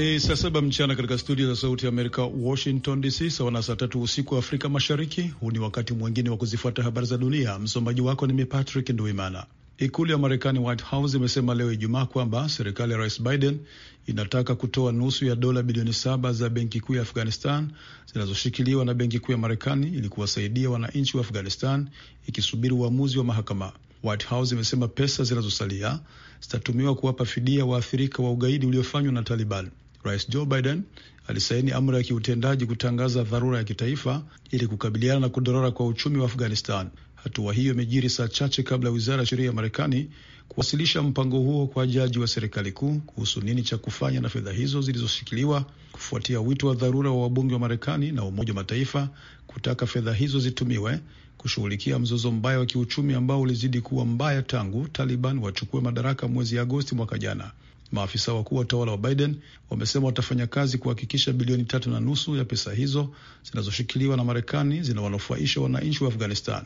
Ni saa saba mchana katika studio za Sauti ya Amerika, Washington DC, sawa na saa tatu usiku wa Afrika Mashariki. Huu ni wakati mwingine wa kuzifuata habari za dunia. Msomaji wako ni Patrick Nduimana. Ikulu ya Marekani, White House, imesema leo Ijumaa kwamba serikali ya Rais Biden inataka kutoa nusu ya dola bilioni saba za benki kuu ya Afghanistan zinazoshikiliwa na benki kuu ya Marekani ili kuwasaidia wananchi wa Afghanistan, ikisubiri uamuzi wa mahakama. White House imesema pesa zinazosalia zitatumiwa kuwapa fidia waathirika wa ugaidi uliofanywa na Taliban. Rais Joe Biden alisaini amri ya kiutendaji kutangaza dharura ya kitaifa ili kukabiliana na kudorora kwa uchumi wa Afghanistan. Hatua hiyo imejiri saa chache kabla ya wizara ya sheria ya Marekani kuwasilisha mpango huo kwa jaji wa serikali kuu kuhusu nini cha kufanya na fedha hizo zilizoshikiliwa, kufuatia wito wa dharura wa wabunge wa Marekani na Umoja wa Mataifa kutaka fedha hizo zitumiwe kushughulikia mzozo mbaya wa kiuchumi ambao ulizidi kuwa mbaya tangu Taliban wachukue madaraka mwezi Agosti mwaka jana. Maafisa wakuu wa utawala wa Biden wamesema watafanya kazi kuhakikisha bilioni tatu na nusu ya pesa hizo zinazoshikiliwa na Marekani zinawanufaisha wananchi wa Afghanistan.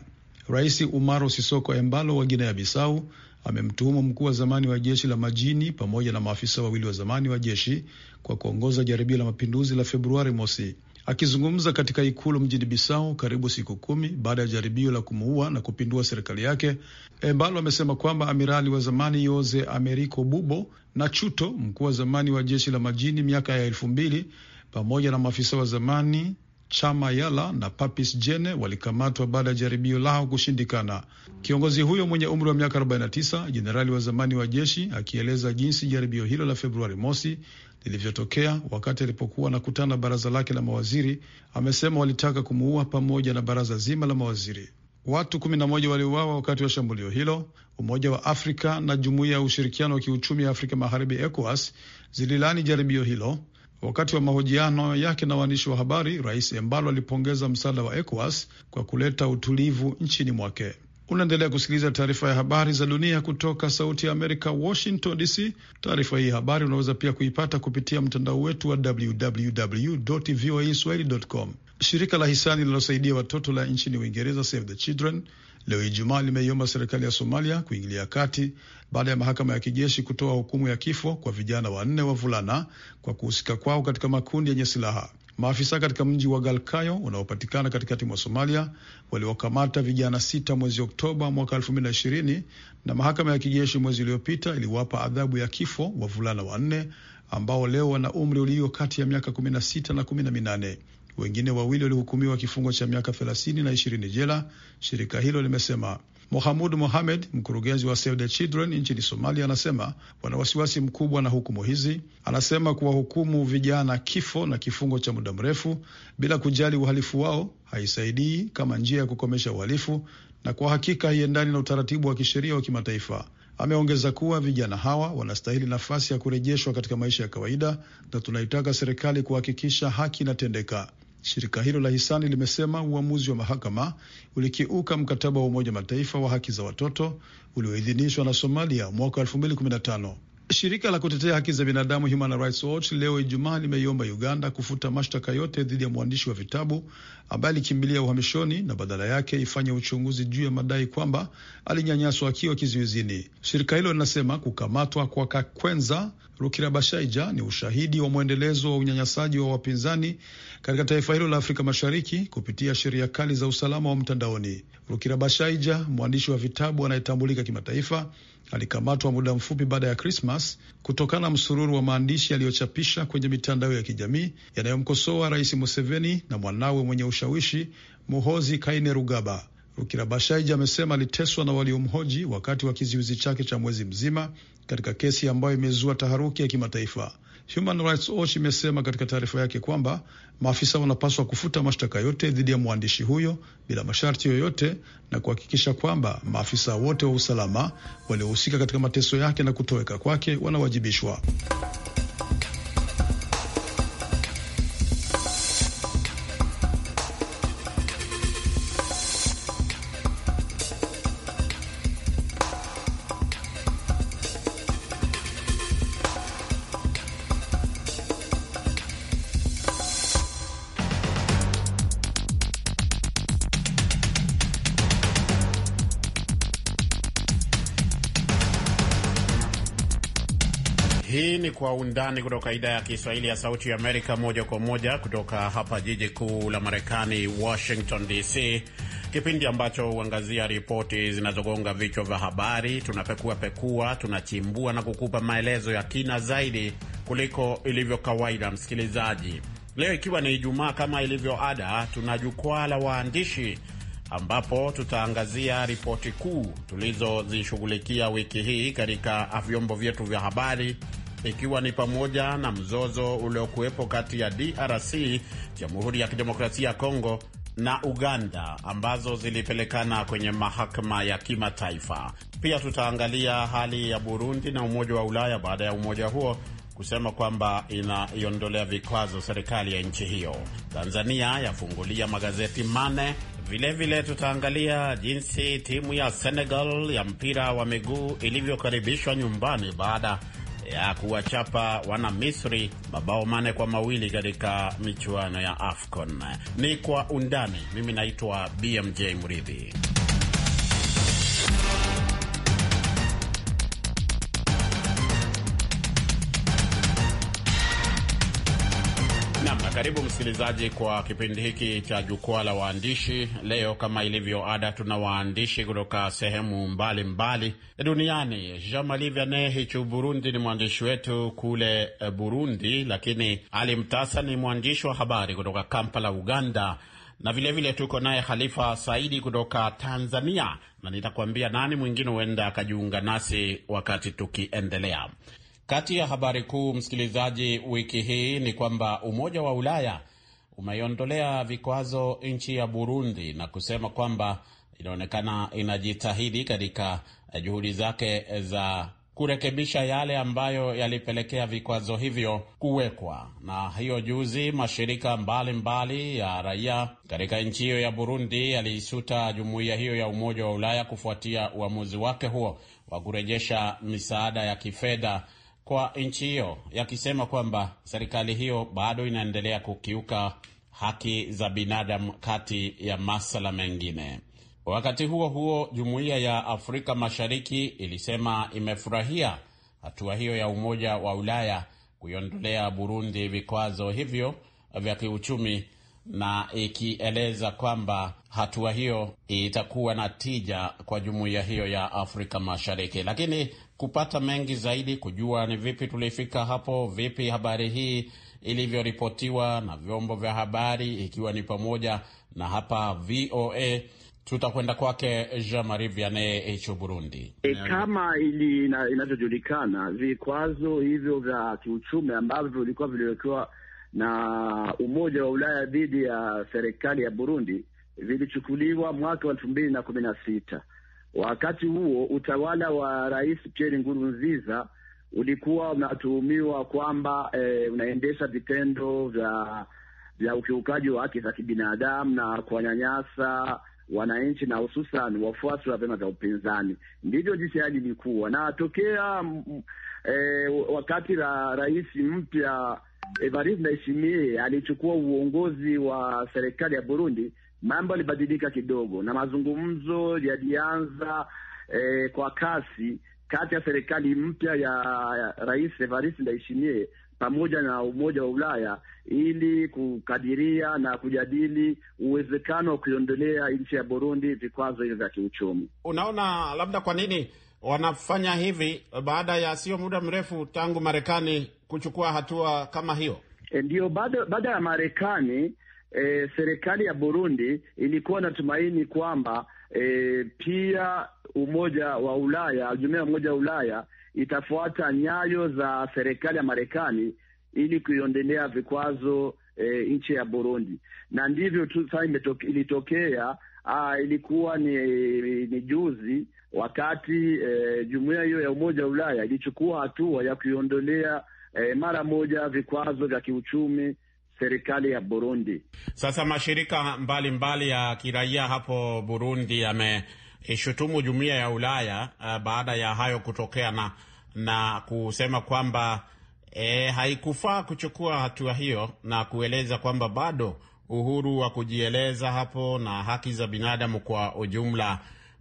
Rais Umaro Sisoko Embalo wa Guinea Bissau amemtuhumu mkuu wa zamani wa jeshi la majini pamoja na maafisa wawili wa zamani wa jeshi kwa kuongoza jaribio la mapinduzi la Februari mosi. Akizungumza katika ikulu mjini Bisau karibu siku kumi baada ya jaribio la kumuua na kupindua serikali yake, Embalo amesema kwamba amirali wa zamani Yose Ameriko Bubo na Chuto, mkuu wa zamani wa jeshi la majini miaka ya elfu mbili, pamoja na maafisa wa zamani Chama Yala na Papis Jene walikamatwa baada ya jaribio lao kushindikana. Kiongozi huyo mwenye umri wa miaka 49, jenerali wa zamani wa jeshi, akieleza jinsi jaribio hilo la Februari mosi lilivyotokea wakati alipokuwa anakutana na baraza lake la mawaziri. Amesema walitaka kumuua pamoja na baraza zima la mawaziri. Watu 11 waliuawa wakati wa shambulio hilo. Umoja wa Afrika na Jumuiya ya Ushirikiano wa Kiuchumi ya Afrika Magharibi, ECOWAS, zililani jaribio hilo. Wakati wa mahojiano yake na waandishi wa habari, Rais Embalo alipongeza msaada wa ECOWAS kwa kuleta utulivu nchini mwake. Unaendelea kusikiliza taarifa ya habari za dunia kutoka Sauti ya Amerika, Washington DC. Taarifa hii habari unaweza pia kuipata kupitia mtandao wetu wa www voa swahili com. Shirika la hisani linalosaidia watoto la nchini Uingereza, Save the Children, leo Ijumaa limeiomba serikali ya Somalia kuingilia kati baada ya mahakama ya kijeshi kutoa hukumu ya kifo kwa vijana wanne wavulana kwa kuhusika kwao katika makundi yenye silaha. Maafisa katika mji wa Galkayo unaopatikana katikati mwa Somalia waliokamata vijana sita mwezi Oktoba mwaka 2020 na mahakama ya kijeshi mwezi uliopita iliwapa adhabu ya kifo wavulana wanne ambao leo wana umri ulio kati ya miaka 16 na 18. Wengine wawili walihukumiwa kifungo cha miaka 30 na 20 jela, shirika hilo limesema. Mohamud Mohamed, mkurugenzi wa Save the Children nchini Somalia, anasema wana wasiwasi mkubwa na hukumu hizi. Anasema kuwahukumu vijana kifo na kifungo cha muda mrefu bila kujali uhalifu wao haisaidii kama njia ya kukomesha uhalifu na kwa hakika haiendani na utaratibu wa kisheria wa kimataifa. Ameongeza kuwa vijana hawa wanastahili nafasi ya kurejeshwa katika maisha ya kawaida na tunaitaka serikali kuhakikisha haki inatendeka. Shirika hilo la hisani limesema uamuzi wa mahakama ulikiuka mkataba wa Umoja Mataifa wa haki za watoto ulioidhinishwa na Somalia mwaka 215 Shirika la kutetea haki za binadamu Human Rights Watch leo Ijumaa limeiomba Uganda kufuta mashtaka yote dhidi ya mwandishi wa vitabu ambaye alikimbilia uhamishoni na badala yake ifanye uchunguzi juu ya madai kwamba alinyanyaswa akiwa kizuizini. Shirika hilo linasema kukamatwa kwa Kakwenza Rukirabashaija ni ushahidi wa mwendelezo wa unyanyasaji wa wapinzani katika taifa hilo la Afrika Mashariki kupitia sheria kali za usalama wa mtandaoni. Rukirabashaija, mwandishi wa vitabu anayetambulika kimataifa alikamatwa muda mfupi baada ya Krismas kutokana na msururu wa maandishi yaliyochapisha kwenye mitandao ya kijamii yanayomkosoa Rais Museveni na mwanawe mwenye ushawishi Muhozi Kainerugaba. Rukirabashaija amesema aliteswa na waliomhoji wakati wa kizuizi chake cha mwezi mzima katika kesi ambayo imezua taharuki ya kimataifa. Human Rights Watch imesema katika taarifa yake kwamba maafisa wanapaswa kufuta mashtaka yote dhidi ya mwandishi huyo bila masharti yoyote na kuhakikisha kwamba maafisa wote wa usalama waliohusika katika mateso yake na kutoweka kwake wanawajibishwa. kwa undani kutoka idhaa ya Kiswahili ya Sauti ya Amerika, moja kwa moja kutoka hapa jiji kuu la Marekani, Washington DC, kipindi ambacho huangazia ripoti zinazogonga vichwa vya habari. Tunapekua pekua, tunachimbua na kukupa maelezo ya kina zaidi kuliko ilivyo kawaida. Msikilizaji, leo ikiwa ni Ijumaa, kama ilivyo ada, tuna jukwaa la waandishi ambapo tutaangazia ripoti kuu tulizozishughulikia wiki hii katika vyombo vyetu vya habari ikiwa ni pamoja na mzozo uliokuwepo kati ya DRC, Jamhuri ya Kidemokrasia ya Kongo na Uganda ambazo zilipelekana kwenye mahakama ya kimataifa. Pia tutaangalia hali ya Burundi na Umoja wa Ulaya baada ya umoja huo kusema kwamba inaiondolea vikwazo serikali ya nchi hiyo. Tanzania yafungulia magazeti mane. Vilevile tutaangalia jinsi timu ya Senegal ya mpira wa miguu ilivyokaribishwa nyumbani baada ya kuwachapa wana Misri mabao mane kwa mawili katika michuano ya AFCON. Ni kwa undani. Mimi naitwa BMJ Mridhi. Karibu msikilizaji kwa kipindi hiki cha jukwaa la waandishi. Leo kama ilivyo ada, tuna waandishi kutoka sehemu mbalimbali mbali duniani. jean Hichu Burundi ni mwandishi wetu kule eh, Burundi, lakini Ali Mtasa ni mwandishi wa habari kutoka Kampala, Uganda, na vilevile vile tuko naye Khalifa Saidi kutoka Tanzania, na nitakuambia nani mwingine huenda akajiunga nasi wakati tukiendelea. Kati ya habari kuu, msikilizaji, wiki hii ni kwamba Umoja wa Ulaya umeiondolea vikwazo nchi ya Burundi na kusema kwamba inaonekana inajitahidi katika eh, juhudi zake za kurekebisha yale ambayo yalipelekea vikwazo hivyo kuwekwa. Na hiyo juzi, mashirika mbalimbali mbali ya raia katika nchi hiyo ya Burundi yaliisuta jumuiya hiyo ya Umoja wa Ulaya kufuatia uamuzi wake huo wa kurejesha misaada ya kifedha kwa nchi hiyo, yakisema kwamba serikali hiyo bado inaendelea kukiuka haki za binadamu kati ya masala mengine. Wakati huo huo, jumuiya ya Afrika Mashariki ilisema imefurahia hatua hiyo ya Umoja wa Ulaya kuiondolea Burundi vikwazo hivyo vya kiuchumi na ikieleza kwamba hatua hiyo itakuwa na tija kwa jumuiya hiyo ya Afrika Mashariki. Lakini kupata mengi zaidi, kujua ni vipi tulifika hapo, vipi habari hii ilivyoripotiwa na vyombo vya habari, ikiwa ni pamoja na hapa VOA, tutakwenda kwake Jean Marie Vianney Burundi. E, kama ili inavyojulikana, vikwazo hivyo vya kiuchumi ambavyo vilikuwa viliwekewa na Umoja wa Ulaya dhidi ya serikali ya Burundi vilichukuliwa mwaka wa elfu mbili na kumi na sita. Wakati huo utawala wa Rais Pierre Nkurunziza ulikuwa unatuhumiwa kwamba eh, unaendesha vitendo vya vya ukiukaji wa haki za kibinadamu na kuwanyanyasa wananchi na hususan wafuasi wa vyama vya upinzani. Ndivyo jinsi hali ilikuwa na tokea mm, eh, wakati la rais mpya Evariste Ndayishimiye alichukua uongozi wa serikali ya Burundi, mambo yalibadilika kidogo na mazungumzo yalianza eh, kwa kasi kati ya serikali mpya ya Rais Evariste Ndayishimiye pamoja na Umoja wa Ulaya ili kukadiria na kujadili uwezekano wa kuiondolea nchi ya Burundi vikwazo hivyo vya kiuchumi. Unaona labda kwa nini wanafanya hivi baada ya sio muda mrefu tangu Marekani kuchukua hatua kama hiyo. E, ndio baada, ya Marekani e, serikali ya Burundi ilikuwa natumaini kwamba e, pia umoja wa Ulaya, jumuiya ya umoja wa Ulaya itafuata nyayo za serikali ya Marekani ili kuiondelea vikwazo e, nchi ya Burundi, na ndivyo tu sasa ilitokea. Aa, ah, ilikuwa ni, ni juzi wakati eh, jumuiya hiyo ya Umoja wa Ulaya ilichukua hatua ya kuiondolea eh, mara moja vikwazo vya kiuchumi serikali ya Burundi. Sasa mashirika mbalimbali mbali ya kiraia hapo Burundi yameishutumu jumuiya ya Ulaya uh, baada ya hayo kutokea na na kusema kwamba e, haikufaa kuchukua hatua hiyo na kueleza kwamba bado uhuru wa kujieleza hapo na haki za binadamu kwa ujumla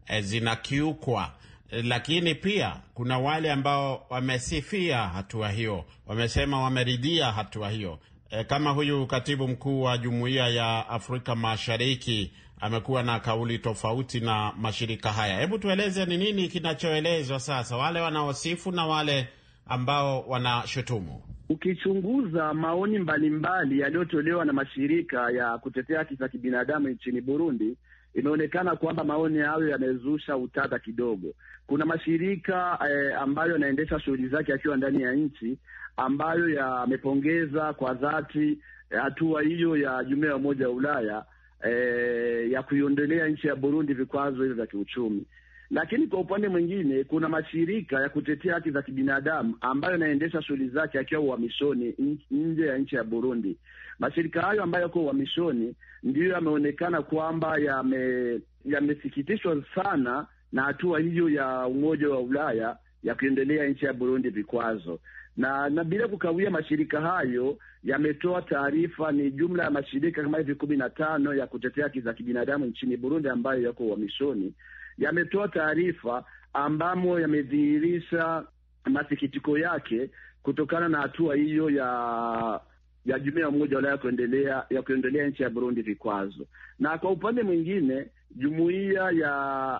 Eh, zinakiukwa, lakini pia kuna wale ambao wamesifia hatua hiyo, wamesema wameridhia hatua hiyo. E, kama huyu katibu mkuu wa Jumuiya ya Afrika Mashariki amekuwa na kauli tofauti na mashirika haya. Hebu tueleze ni nini kinachoelezwa sasa, wale wanaosifu na wale ambao wanashutumu. Ukichunguza maoni mbalimbali yaliyotolewa na mashirika ya kutetea haki za kibinadamu nchini Burundi imeonekana kwamba maoni hayo yamezusha utata kidogo. Kuna mashirika eh, ambayo yanaendesha shughuli zake yakiwa ndani ya nchi ambayo yamepongeza kwa dhati eh, hatua hiyo ya jumuiya ya Umoja wa Ulaya eh, ya kuiondolea nchi ya Burundi vikwazo hivyo vya kiuchumi. Lakini kwa upande mwingine, kuna mashirika ya kutetea haki za kibinadamu ambayo yanaendesha shughuli zake akiwa uhamishoni nje ya nchi ya Burundi. Mashirika hayo ambayo yako uhamishoni ndiyo yameonekana kwamba yamesikitishwa me, ya sana na hatua hiyo ya Umoja wa Ulaya ya kuendelea nchi ya Burundi vikwazo na na bila kukawia, mashirika hayo yametoa taarifa. Ni jumla ya mashirika kama hivi kumi na tano ya kutetea haki za kibinadamu nchini Burundi ambayo yako uhamishoni, yametoa taarifa ambamo yamedhihirisha masikitiko yake kutokana na hatua hiyo ya ya jumuiya ya Umoja wa Ulaya kuendelea ya kuendelea nchi ya Burundi vikwazo. Na kwa upande mwingine, jumuiya ya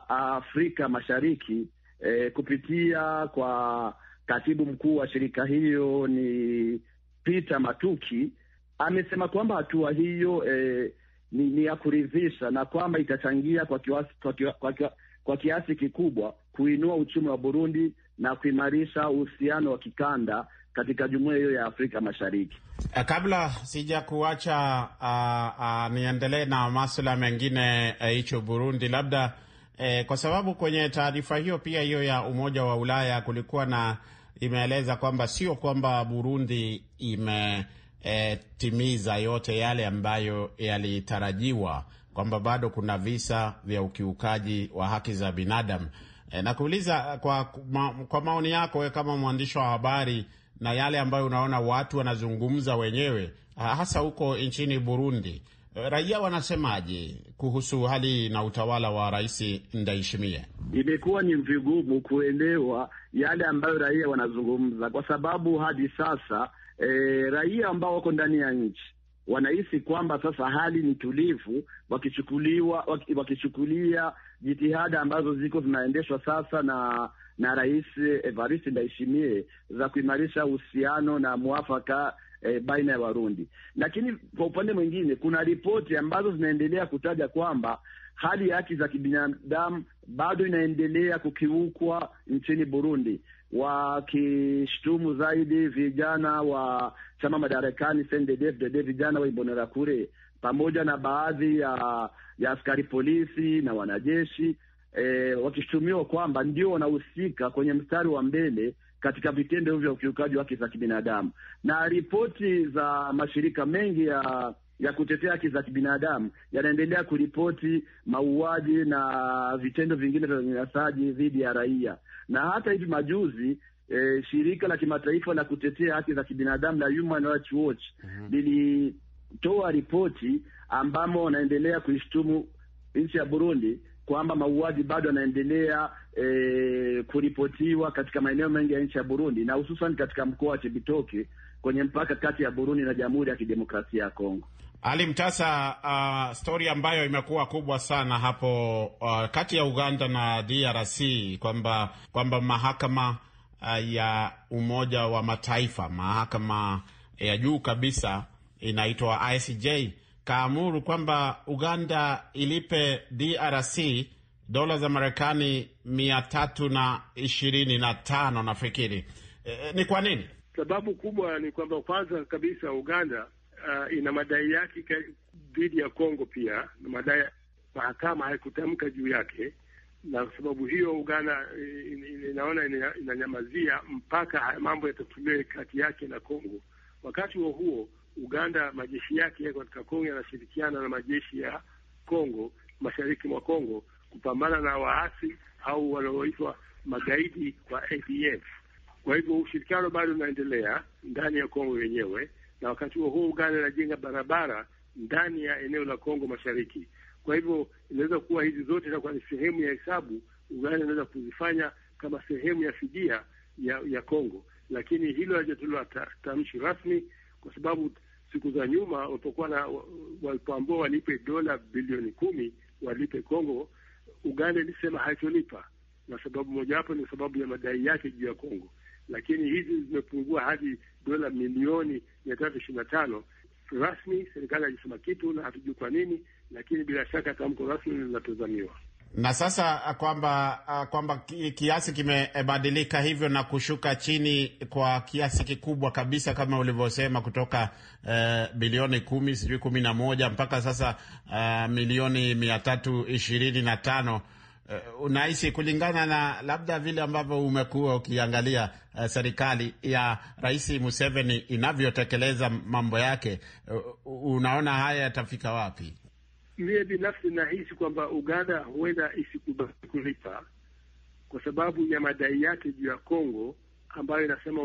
Afrika Mashariki eh, kupitia kwa katibu mkuu wa shirika hiyo ni Peter Matuki amesema kwamba hatua hiyo eh, ni, ni ya kuridhisha na kwamba itachangia kwa kwa, kiwa, kwa, kiwa, kwa kiasi kikubwa kuinua uchumi wa Burundi na kuimarisha uhusiano wa kikanda katika jumuiya hiyo ya Afrika Mashariki. Eh, kabla sijakuacha ah, ah, niendelee na masuala mengine eh, hicho uh, Burundi labda uh, kwa sababu kwenye taarifa hiyo pia hiyo ya Umoja wa Ulaya kulikuwa na imeeleza kwamba sio kwamba Burundi imetimiza uh, yote yale ambayo yalitarajiwa kwamba bado kuna visa vya ukiukaji wa haki za binadamu. E, nakuuliza eh, kwa, ma, kwa maoni yako we kama mwandishi wa habari na yale ambayo unaona watu wanazungumza wenyewe hasa huko nchini Burundi, eh, raia wanasemaje kuhusu hali na utawala wa Rais Ndayishimiye? Imekuwa ni vigumu kuelewa yale ambayo raia wanazungumza kwa sababu hadi sasa e, raia ambao wako ndani ya nchi wanahisi kwamba sasa hali ni tulivu, wakichukuliwa wakichukulia jitihada ambazo ziko zinaendeshwa sasa na na Rais Evariste Ndayishimiye za kuimarisha uhusiano na mwafaka eh, baina ya Warundi. Lakini kwa upande mwingine, kuna ripoti ambazo zinaendelea kutaja kwamba hali ya haki za kibinadamu bado inaendelea kukiukwa nchini Burundi, wakishtumu zaidi vijana wa chama madarakani CNDD-FDD, vijana wa Imbonerakure pamoja na baadhi ya, ya askari polisi na wanajeshi e, wakishutumiwa kwamba ndio wanahusika kwenye mstari wa mbele katika vitendo hivyo vya ukiukaji wa haki za kibinadamu, na ripoti za mashirika mengi ya ya kutetea haki za kibinadamu yanaendelea kuripoti mauaji na vitendo vingine vya unyanyasaji dhidi ya raia. Na hata hivi majuzi e, shirika la kimataifa la kutetea haki za kibinadamu la Human Rights Watch mhm. lilitoa ripoti ambamo wanaendelea kuishtumu nchi ya Burundi kwamba mauaji bado yanaendelea e, kuripotiwa katika maeneo mengi ya nchi ya Burundi na hususan katika mkoa wa Chibitoke kwenye mpaka kati ya Burundi na Jamhuri ya Kidemokrasia ya Kongo. Ali Mtasa, uh, stori ambayo imekuwa kubwa sana hapo uh, kati ya Uganda na DRC kwamba kwamba mahakama uh, ya Umoja wa Mataifa, mahakama ya juu kabisa inaitwa ICJ kaamuru kwamba Uganda ilipe DRC dola za Marekani mia tatu na ishirini na tano nafikiri. E, ni kwa nini? Sababu kubwa ni kwamba kwanza kabisa Uganda uh, ina madai yake dhidi ya Kongo pia na madai mahakama haikutamka juu yake, na sababu hiyo Uganda eh, in, in, inaona inanyamazia mpaka mambo yatatuliwe kati yake na Kongo. Wakati huo huo, Uganda majeshi yake yako katika Kongo yanashirikiana na majeshi ya Kongo mashariki mwa Kongo kupambana na waasi au wanaoitwa magaidi wa ADF. Kwa hivyo ushirikiano bado unaendelea ndani ya Kongo yenyewe na wakati huo huo Uganda inajenga barabara ndani ya eneo la Kongo Mashariki. Kwa hivyo inaweza kuwa hizi zote itakuwa ni sehemu ya hesabu Uganda inaweza kuzifanya kama sehemu ya fidia ya ya Kongo, lakini hilo halijatolewa tamshi rasmi, kwa sababu siku za nyuma walipokuwa na walipoambua walipe dola bilioni kumi walipe Kongo, Uganda ilisema haitolipa, na sababu mojawapo ni sababu ya madai yake juu ya Kongo, lakini hizi zimepungua hadi dola milioni mia tatu ishirini na tano rasmi. Serikali haijasema kitu na hatujui kwa nini, lakini bila shaka tamko rasmi linatazamiwa na sasa uh, kwamba uh, kwamba kiasi kimebadilika hivyo na kushuka chini kwa kiasi kikubwa kabisa kama ulivyosema, kutoka uh, bilioni kumi sijui kumi na moja mpaka sasa uh, milioni mia tatu ishirini na tano. Eh, unahisi kulingana na labda vile ambavyo umekuwa ukiangalia uh, serikali ya Rais Museveni inavyotekeleza mambo yake uh, unaona haya yatafika wapi? Mie binafsi nahisi kwamba Uganda huenda isikubali kulipa kwa sababu ya madai yake juu ya Kongo ambayo inasema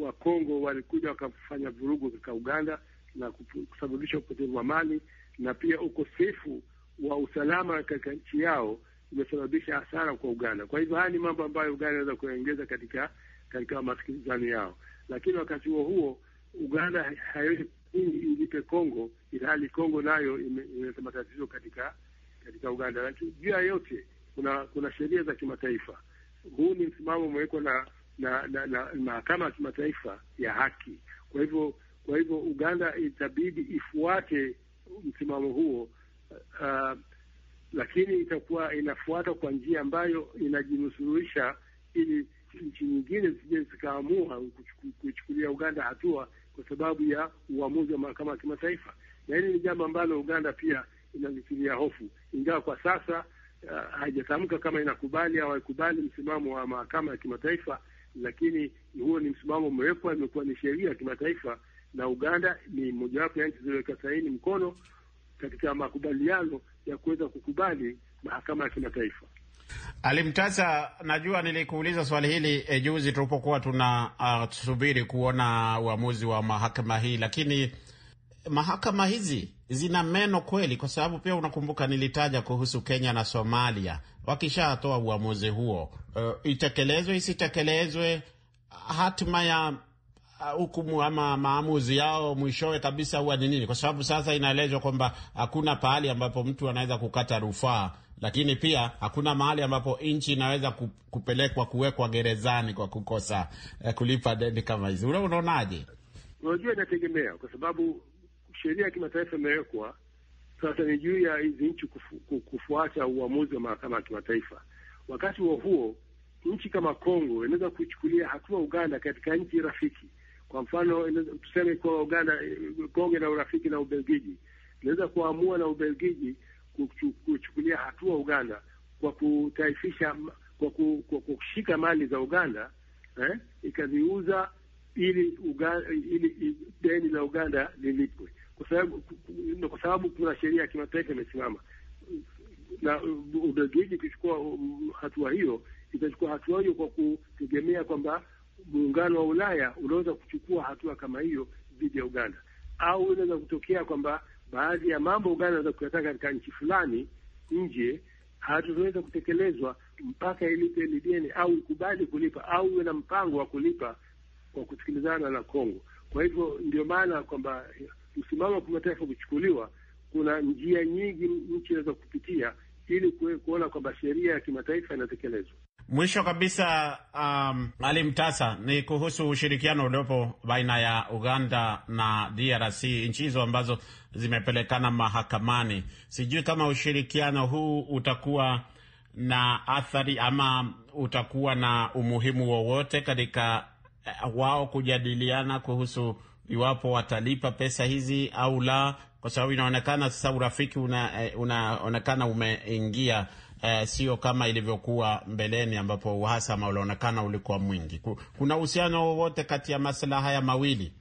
Wakongo walikuja wakafanya vurugu katika Uganda na kusababisha upotevu wa mali na pia ukosefu wa usalama katika nchi yao imesababisha hasara kwa Uganda. Kwa hivyo haya ni mambo ambayo Uganda inaweza kuyaongeza katika katika masikilizano yao, lakini wakati huo huo Uganda haiwezi ilipe Kongo ilhali Kongo nayo imeleta matatizo katika katika Uganda. Lakini juu ya yote kuna kuna sheria za kimataifa. Huu ni msimamo umewekwa na na na mahakama ya kimataifa ya haki. Kwa hivyo kwa hivyo Uganda itabidi ifuate msimamo huo uh, lakini itakuwa inafuata kwa njia ambayo inajinusurisha, ili nchi nyingine zije zikaamua kuchukulia Uganda hatua kwa sababu ya uamuzi wa mahakama ya kimataifa. Na hili ni jambo ambalo Uganda pia inalitilia hofu, ingawa kwa sasa uh, haijatamka kama inakubali au haikubali msimamo wa mahakama ya kimataifa, lakini huo ni msimamo umewekwa, imekuwa ni sheria ya kimataifa, na Uganda ni mojawapo ya nchi zilizoweka saini mkono katika makubaliano ya kuweza kukubali mahakama ya kimataifa. Alimtasa, najua nilikuuliza swali hili e, juzi tulipokuwa tunasubiri ah, uh, kuona uamuzi wa mahakama hii, lakini mahakama hizi zina meno kweli, kwa sababu pia unakumbuka nilitaja kuhusu Kenya na Somalia. Wakishatoa uamuzi huo, uh, itekelezwe isitekelezwe, hatima ya Uh, hukumu ama maamuzi yao mwishowe kabisa huwa ni nini? Kwa sababu sasa inaelezwa kwamba hakuna pahali ambapo mtu anaweza kukata rufaa, lakini pia hakuna mahali ambapo nchi inaweza kupelekwa kuwekwa gerezani kwa kukosa eh, kulipa deni kama hizi. Ule unaonaje? Unajua, inategemea kwa sababu sheria ya kimataifa imewekwa sasa, ni juu ya hizi nchi kufu, kufuata uamuzi wa mahakama ya kimataifa. Wakati huo huo nchi kama Kongo inaweza kuchukulia hatua Uganda katika nchi rafiki kwa mfano tuseme kwa Uganda, Konge na urafiki na Ubelgiji, inaweza kuamua na Ubelgiji kuchukulia hatua Uganda kwa kutaifisha, kwa kushika mali za Uganda eh, ikaziuza ili Uganda, ili deni la Uganda lilipwe, kwa sababu kwa sababu kuna sheria ya kimataifa imesimama, na Ubelgiji ikichukua um, hatua hiyo itachukua hatua hiyo kwa kutegemea kwamba muungano wa Ulaya unaweza kuchukua hatua kama hiyo dhidi ya Uganda, au inaweza kutokea kwamba baadhi ya mambo Uganda anaweza kuyataka katika nchi fulani nje hatutaweza kutekelezwa mpaka ilipe lideni au ikubali kulipa au iwe na mpango wa kulipa kwa kusikilizana na Kongo. Kwa hivyo ndio maana kwamba msimamo wa kimataifa kuchukuliwa, kuna njia nyingi nchi inaweza kupitia ili kuona kwamba sheria ya kimataifa inatekelezwa. Mwisho kabisa um, Ali Mtasa, ni kuhusu ushirikiano uliopo baina ya Uganda na DRC, nchi hizo ambazo zimepelekana mahakamani. Sijui kama ushirikiano huu utakuwa na athari ama utakuwa na umuhimu wowote katika eh, wao kujadiliana kuhusu iwapo watalipa pesa hizi au la, kwa sababu inaonekana sasa urafiki eh, unaonekana una, umeingia eh, sio kama ilivyokuwa mbeleni ambapo uhasama ulionekana ulikuwa mwingi. Kuna uhusiano wowote kati ya masuala haya mawili?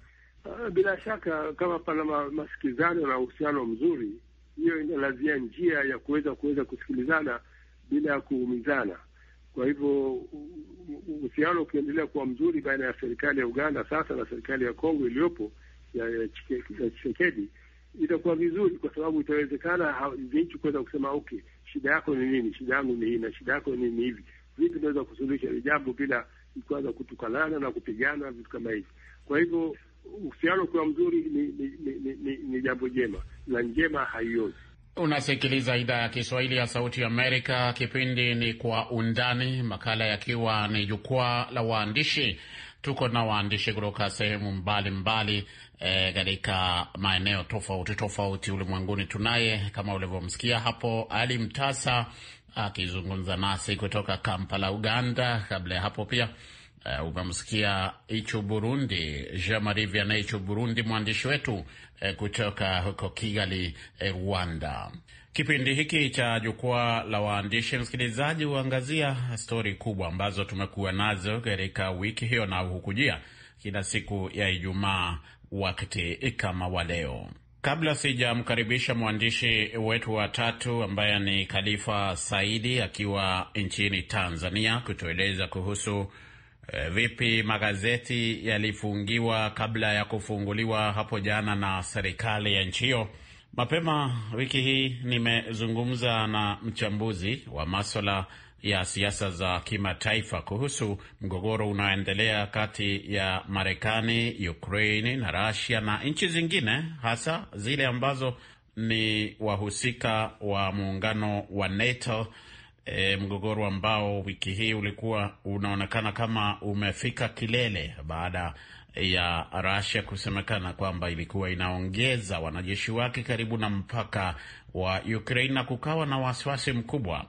Ah, bila shaka kama pana masikizano na uhusiano mzuri, hiyo inalazia njia ya kuweza kuweza kusikilizana bila ya kuumizana. Kwa hivyo uhusiano ukiendelea kuwa mzuri baina ya serikali ya Uganda sasa na serikali ya Kongo iliyopo ya, ya itakuwa vizuri, kwa sababu itawezekana vinchi kuweza kusema okay, shida yako ni nini? Shida yangu ni hii na shida yako ni nini? Hivi vipi tunaweza kusuluhisha hili jambo bila kuanza kutukanana na kupigana, vitu kama hivi. Kwa hivyo uhusiano ukiwa mzuri ni, ni, ni, ni, ni jambo jema na njema haiozi. Unasikiliza idhaa ya Kiswahili ya Sauti ya Amerika, kipindi ni Kwa Undani, makala yakiwa ni jukwaa la waandishi Tuko na waandishi kutoka sehemu mbalimbali eh, katika e, maeneo tofauti tofauti ulimwenguni. Tunaye kama ulivyomsikia hapo Ali Mtasa akizungumza nasi kutoka Kampala, Uganda. Kabla ya hapo pia Uh, umemsikia Ichu Burundi, Jean Marie Vianney Ichu Burundi, mwandishi wetu uh, kutoka huko Kigali, Rwanda. Kipindi hiki cha jukwaa la waandishi, msikilizaji, huangazia stori kubwa ambazo tumekuwa nazo katika wiki hiyo na hukujia kila siku ya Ijumaa wakati kama wa leo. Kabla sijamkaribisha mwandishi wetu wa tatu ambaye ni Khalifa Saidi akiwa nchini Tanzania kutueleza kuhusu e, vipi magazeti yalifungiwa kabla ya kufunguliwa hapo jana na serikali ya nchi hiyo Mapema wiki hii nimezungumza na mchambuzi wa maswala ya siasa za kimataifa kuhusu mgogoro unaoendelea kati ya Marekani, Ukraini na Rasia na nchi zingine, hasa zile ambazo ni wahusika wa muungano wa NATO. E, mgogoro ambao wiki hii ulikuwa unaonekana kama umefika kilele baada ya Russia kusemekana kwamba ilikuwa inaongeza wanajeshi wake karibu na mpaka wa Ukraine na kukawa na wasiwasi mkubwa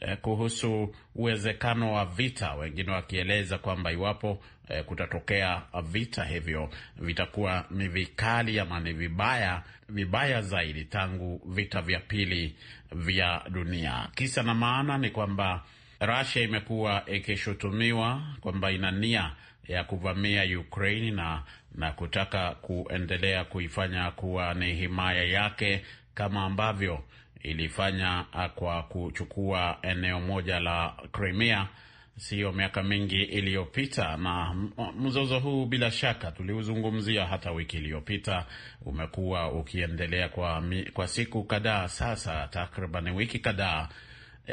eh, kuhusu uwezekano wa vita, wengine wakieleza kwamba iwapo eh, kutatokea vita hivyo vitakuwa ni vikali ama ni vibaya vibaya zaidi tangu vita vya pili vya dunia. Kisa na maana ni kwamba Russia imekuwa ikishutumiwa kwamba ina nia ya kuvamia Ukraine na, na kutaka kuendelea kuifanya kuwa ni himaya yake kama ambavyo ilifanya ah, kwa kuchukua eneo moja la Crimea siyo miaka mingi iliyopita. Na mzozo huu bila shaka tuliuzungumzia hata wiki iliyopita, umekuwa ukiendelea kwa, kwa siku kadhaa sasa, takriban wiki kadhaa,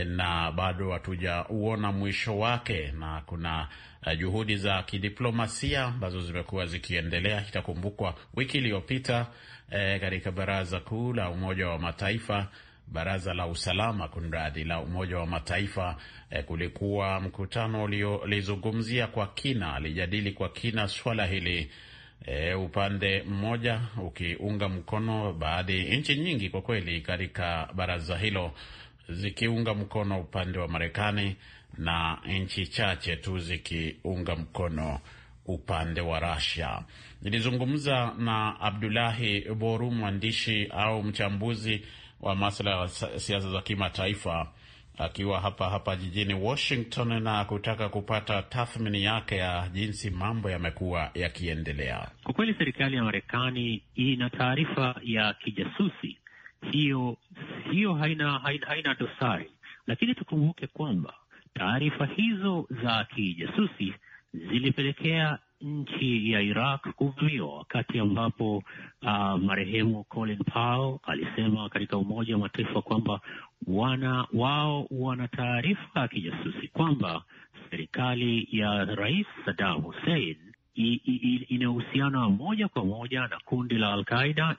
na bado hatujauona mwisho wake, na kuna juhudi za kidiplomasia ambazo zimekuwa zikiendelea. Itakumbukwa wiki iliyopita e, katika baraza kuu la Umoja wa Mataifa, baraza la usalama kunradi la Umoja wa Mataifa e, kulikuwa mkutano uliolizungumzia kwa kina, alijadili kwa kina swala hili e, upande mmoja ukiunga mkono baadhi, nchi nyingi kwa kweli katika baraza hilo zikiunga mkono upande wa Marekani na nchi chache tu zikiunga mkono upande wa Russia. Nilizungumza na Abdulahi Boru, mwandishi au mchambuzi wa masuala ya siasa za kimataifa, akiwa hapa hapa jijini Washington, na kutaka kupata tathmini yake ya jinsi mambo yamekuwa yakiendelea. Kwa kweli, serikali ya Marekani ina taarifa ya kijasusi hiyo, hiyo haina, haina, haina dosari, lakini tukumbuke kwamba Taarifa hizo za kijasusi zilipelekea nchi ya Iraq kuvamiwa wakati ambapo uh, marehemu Colin Powell alisema katika Umoja wa Mataifa kwamba wana wao wana taarifa ya kijasusi kwamba serikali ya Rais Saddam Hussein ina uhusiano moja kwa moja na kundi la Al-Qaida,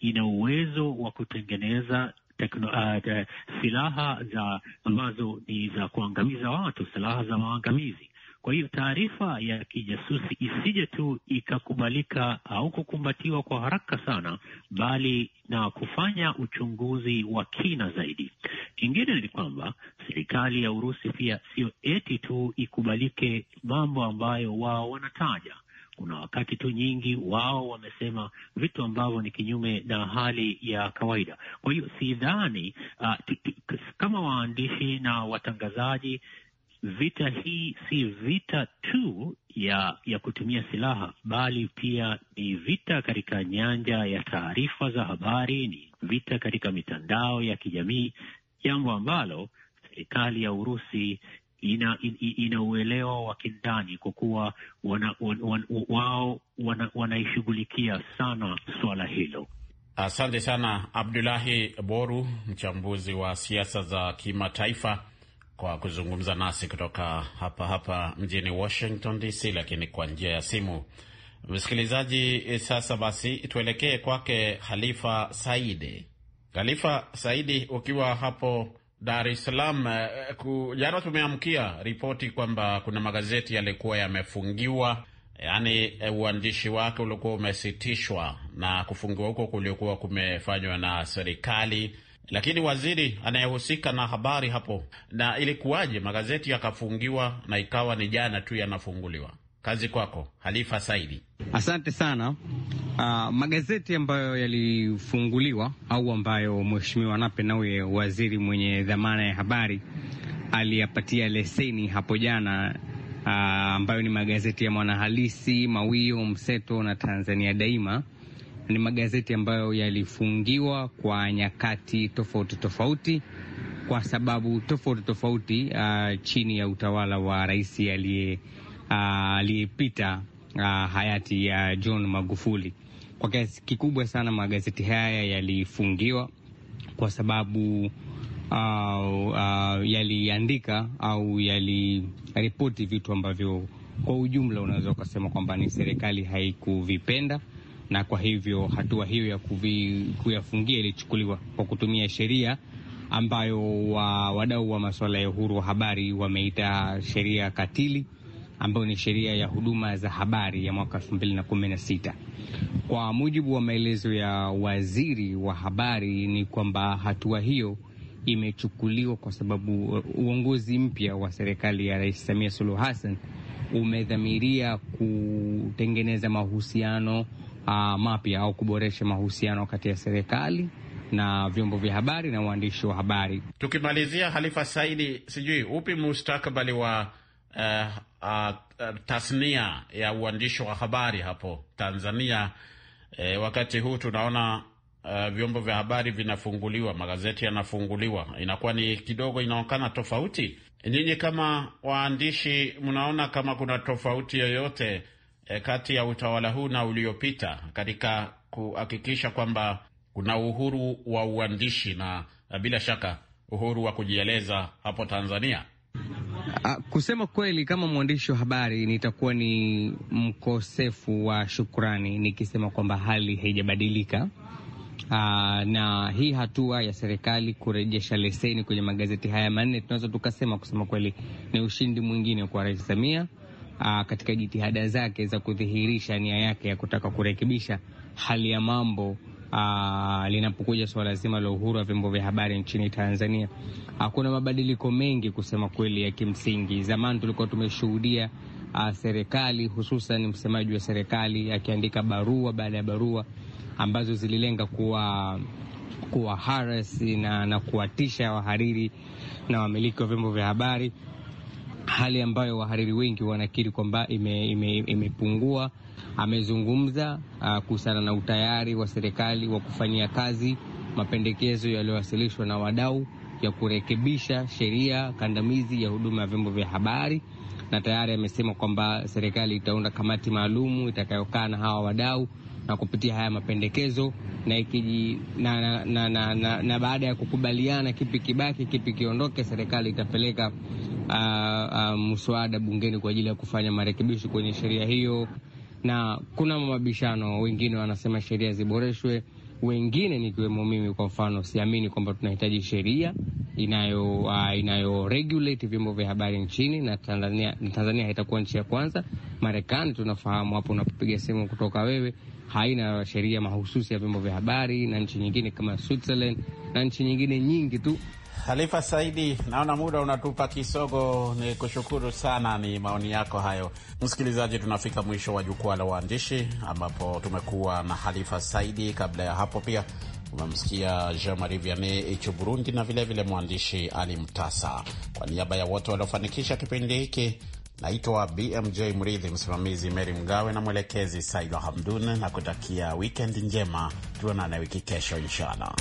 ina uwezo wa kutengeneza tekno, uh, te, silaha za ambazo ni za kuangamiza watu, silaha za maangamizi. Kwa hiyo taarifa ya kijasusi isije tu ikakubalika au kukumbatiwa kwa haraka sana, bali na kufanya uchunguzi wa kina zaidi. Kingine ni kwamba serikali ya Urusi pia sio eti tu ikubalike mambo ambayo wao wanataja kuna wakati tu nyingi wao wamesema vitu ambavyo ni kinyume na hali ya kawaida. Kwa hiyo sidhani uh, kama waandishi na watangazaji vita hii si vita tu ya ya kutumia silaha, bali pia ni vita katika nyanja ya taarifa za habari, ni vita katika mitandao ya kijamii, jambo ambalo serikali ya Urusi ina, in, ina uelewa wa kindani kwa kuwa wana, wan, wan, wao wanaishughulikia wana sana swala hilo. Asante sana Abdulahi Boru, mchambuzi wa siasa za kimataifa kwa kuzungumza nasi kutoka hapa hapa mjini Washington DC, lakini kwa njia ya simu. Msikilizaji, sasa basi tuelekee kwake Khalifa Saidi. Khalifa Saidi, ukiwa hapo Dar es Salaam eh, jana tumeamkia ripoti kwamba kuna magazeti yalikuwa yamefungiwa, yaani eh, uandishi wake ulikuwa umesitishwa, na kufungiwa huko kulikuwa kumefanywa na serikali. Lakini waziri anayehusika na habari hapo, na ilikuwaje magazeti yakafungiwa na ikawa ni jana tu yanafunguliwa? Kazi kwako Halifa Saidi. Asante sana. Uh, magazeti ambayo yalifunguliwa au ambayo Mheshimiwa Nape Nnauye, waziri mwenye dhamana ya habari, aliyapatia leseni hapo jana, uh, ambayo ni magazeti ya Mwanahalisi, Mawio, Mseto na Tanzania Daima, ni magazeti ambayo yalifungiwa kwa nyakati tofauti tofauti kwa sababu tofauti tofauti, uh, chini ya utawala wa rais aliye aliyepita uh, uh, hayati ya uh, John Magufuli. Kwa kiasi kikubwa sana magazeti haya yalifungiwa kwa sababu Uh, uh, yaliandika au yaliripoti vitu ambavyo kwa ujumla unaweza ukasema kwamba ni serikali haikuvipenda, na kwa hivyo hatua hiyo ya kuvi, kuyafungia ilichukuliwa kwa kutumia sheria ambayo wa, wadau wa masuala ya uhuru wa habari wameita sheria katili ambayo ni sheria ya huduma za habari ya mwaka 2016. Kwa mujibu wa maelezo ya waziri wa habari, ni kwamba hatua hiyo imechukuliwa kwa sababu uh, uongozi mpya wa serikali ya Rais Samia Suluhu Hassan umedhamiria kutengeneza mahusiano uh, mapya au kuboresha mahusiano kati ya serikali na vyombo vya habari na waandishi wa habari. Tukimalizia, Halifa Saidi, sijui upi mustakabali wa uh, uh, tasnia ya uandishi wa habari hapo Tanzania. E, wakati huu tunaona uh, vyombo vya habari vinafunguliwa, magazeti yanafunguliwa, inakuwa ni kidogo inaonekana tofauti. Nyinyi kama waandishi, mnaona kama kuna tofauti yoyote e, kati ya utawala huu na uliopita katika kuhakikisha kwamba kuna uhuru wa uandishi na bila shaka uhuru wa kujieleza hapo Tanzania? Ah, kusema kweli, kama mwandishi wa habari nitakuwa ni mkosefu wa shukrani nikisema kwamba hali haijabadilika. Uh, na hii hatua ya serikali kurejesha leseni kwenye magazeti haya manne tunaweza tukasema kusema kweli ni ushindi mwingine kwa Rais Samia uh, katika jitihada zake za kudhihirisha nia yake ya kutaka kurekebisha hali ya mambo Ah, linapokuja swala zima la uhuru wa vyombo vya habari nchini Tanzania. Hakuna mabadiliko mengi kusema kweli ya kimsingi. Zamani tulikuwa tumeshuhudia ah, serikali, hususan msemaji wa serikali akiandika barua baada ya barua ambazo zililenga kuwa kuwa harasi na, na kuwatisha wahariri na wamiliki wa vyombo vya habari, hali ambayo wahariri wengi wanakiri kwamba imepungua ime, ime amezungumza ah, kuhusiana na utayari wa serikali wa kufanyia kazi mapendekezo yaliyowasilishwa na wadau ya kurekebisha sheria kandamizi ya huduma ya vyombo vya habari, na tayari amesema kwamba serikali itaunda kamati maalum itakayokaa na hawa wadau na kupitia haya mapendekezo na, ikiji, na, na, na, na, na, na baada ya kukubaliana kipi kibaki kipi kiondoke, serikali itapeleka uh, uh, mswada bungeni kwa ajili ya kufanya marekebisho kwenye sheria hiyo na kuna mabishano. Wengine wanasema sheria ziboreshwe, wengine nikiwemo mimi kwa mfano, siamini kwamba tunahitaji sheria inayo uh, inayo regulate vyombo vya habari nchini, na Tanzania, Tanzania haitakuwa nchi ya kwanza. Marekani tunafahamu, hapo unapopiga simu kutoka wewe haina sheria mahususi ya vyombo vya habari, na nchi nyingine kama Switzerland na nchi nyingine nyingi tu. Halifa Saidi, naona muda unatupa kisogo. Ni kushukuru sana, ni maoni yako hayo. Msikilizaji, tunafika mwisho wa jukwaa la waandishi ambapo tumekuwa na Halifa Saidi. Kabla ya hapo pia umemsikia Jean Marie Vianney Ichu Burundi na vilevile mwandishi Ali Mtasa. Kwa niaba ya wote waliofanikisha kipindi hiki, naitwa BMJ Mridhi, msimamizi Meri Mgawe na mwelekezi Saido Hamdun, na kutakia wikendi njema. Tuonane wiki kesho, inshallah.